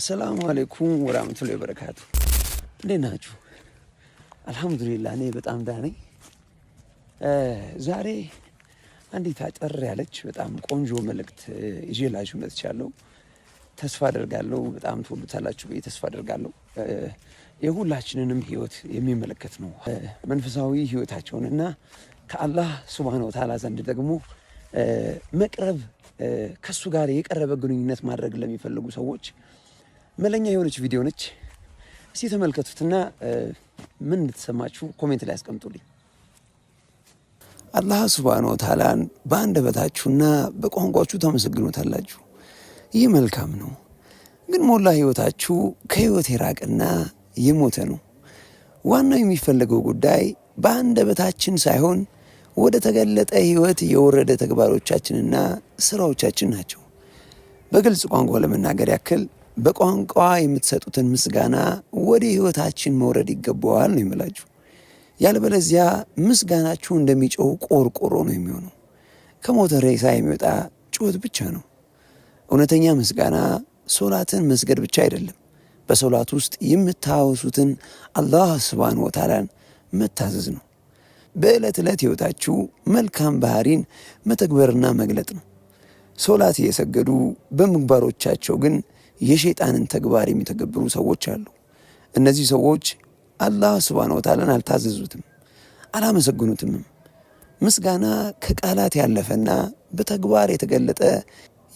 አሰላሙ አሌይኩም ወራህመቱላሂ ወበረካቱ። እንዴት ናችሁ? አልሐምዱሊላህ እኔ በጣም ደህና ነኝ። ዛሬ አንዲት አጠር ያለች በጣም ቆንጆ መልእክት ይዤላችሁ መጥቻለሁ። ተስፋ አደርጋለሁ በጣም ትወዱታላችሁ ብዬ ተስፋ አደርጋለሁ። የሁላችንንም ህይወት የሚመለከት ነው። መንፈሳዊ ህይወታቸውን እና ከአላህ ሱብሃነሁ ወተዓላ ዘንድ ደግሞ መቅረብ ከሱ ጋር የቀረበ ግንኙነት ማድረግ ለሚፈልጉ ሰዎች መለኛ የሆነች ቪዲዮ ነች። እስቲ ተመልከቱትና ምን እንድትሰማችሁ ኮሜንት ላይ አስቀምጡልኝ አላህ ሱብሃነሁ ወተዓላን በአንደበታችሁና በቋንቋችሁ ታመሰግኑታላችሁ። ይህ መልካም ነው። ግን ሞላ ህይወታችሁ ከህይወት የራቀና የሞተ ነው። ዋናው የሚፈለገው ጉዳይ በአንደበታችን ሳይሆን ወደ ተገለጠ ህይወት የወረደ ተግባሮቻችንና ስራዎቻችን ናቸው። በግልጽ ቋንቋ ለመናገር ያክል በቋንቋ የምትሰጡትን ምስጋና ወደ ህይወታችን መውረድ ይገባዋል ነው የሚላችሁ። ያልበለዚያ ምስጋናችሁ እንደሚጮው ቆርቆሮ ነው የሚሆነው። ከሞተ ሬሳ የሚወጣ ጩኸት ብቻ ነው። እውነተኛ ምስጋና ሶላትን መስገድ ብቻ አይደለም። በሶላት ውስጥ የምታወሱትን አላህ ስብሓን ወታላን መታዘዝ ነው። በዕለት ዕለት ህይወታችሁ መልካም ባህሪን መተግበርና መግለጥ ነው። ሶላት እየሰገዱ በምግባሮቻቸው ግን የሸይጣንን ተግባር የሚተገብሩ ሰዎች አሉ። እነዚህ ሰዎች አላህ ሱብሓነሁ ወተዓላን አልታዘዙትም፣ አላመሰግኑትም ምስጋና ከቃላት ያለፈና በተግባር የተገለጠ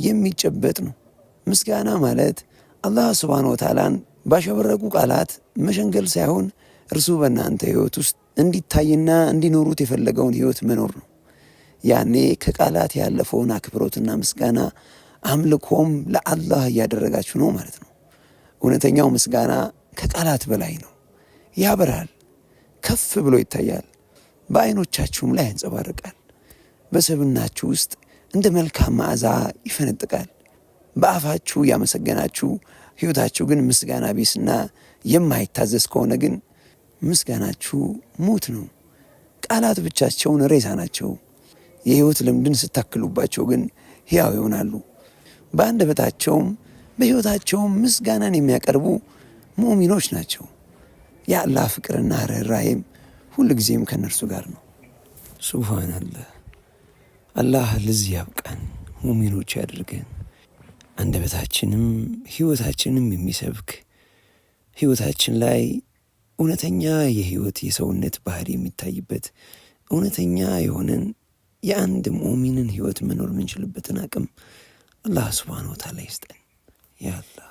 የሚጨበጥ ነው። ምስጋና ማለት አላህ ሱብሓነሁ ወተዓላን ባሸበረቁ ቃላት መሸንገል ሳይሆን እርሱ በእናንተ ህይወት ውስጥ እንዲታይና እንዲኖሩት የፈለገውን ህይወት መኖር ነው። ያኔ ከቃላት ያለፈውን አክብሮትና ምስጋና አምልኮም ለአላህ እያደረጋችሁ ነው ማለት ነው። እውነተኛው ምስጋና ከቃላት በላይ ነው። ያበራል፣ ከፍ ብሎ ይታያል፣ በአይኖቻችሁም ላይ ያንጸባርቃል፣ በሰብናችሁ ውስጥ እንደ መልካም መዓዛ ይፈነጥቃል። በአፋችሁ ያመሰገናችሁ ሕይወታችሁ ግን ምስጋና ቢስና የማይታዘዝ ከሆነ ግን ምስጋናችሁ ሙት ነው። ቃላት ብቻቸውን ሬሳ ናቸው። የሕይወት ልምድን ስታክሉባቸው ግን ሕያው ይሆናሉ። በአንደበታቸውም በሕይወታቸውም ምስጋናን የሚያቀርቡ ሙእሚኖች ናቸው። የአላህ ፍቅርና ርኅራኄም ሁል ጊዜም ከእነርሱ ጋር ነው። ሱብሃነላህ። አላህ ለዚህ ያብቃን፣ ሙእሚኖች ያድርገን። አንደበታችንም ሕይወታችንም የሚሰብክ ሕይወታችን ላይ እውነተኛ የሕይወት የሰውነት ባህሪ የሚታይበት እውነተኛ የሆነን የአንድ ሙእሚንን ሕይወት መኖር የምንችልበትን አቅም አላህ ስብሃነ ወተዓላ ይስጠን ያላ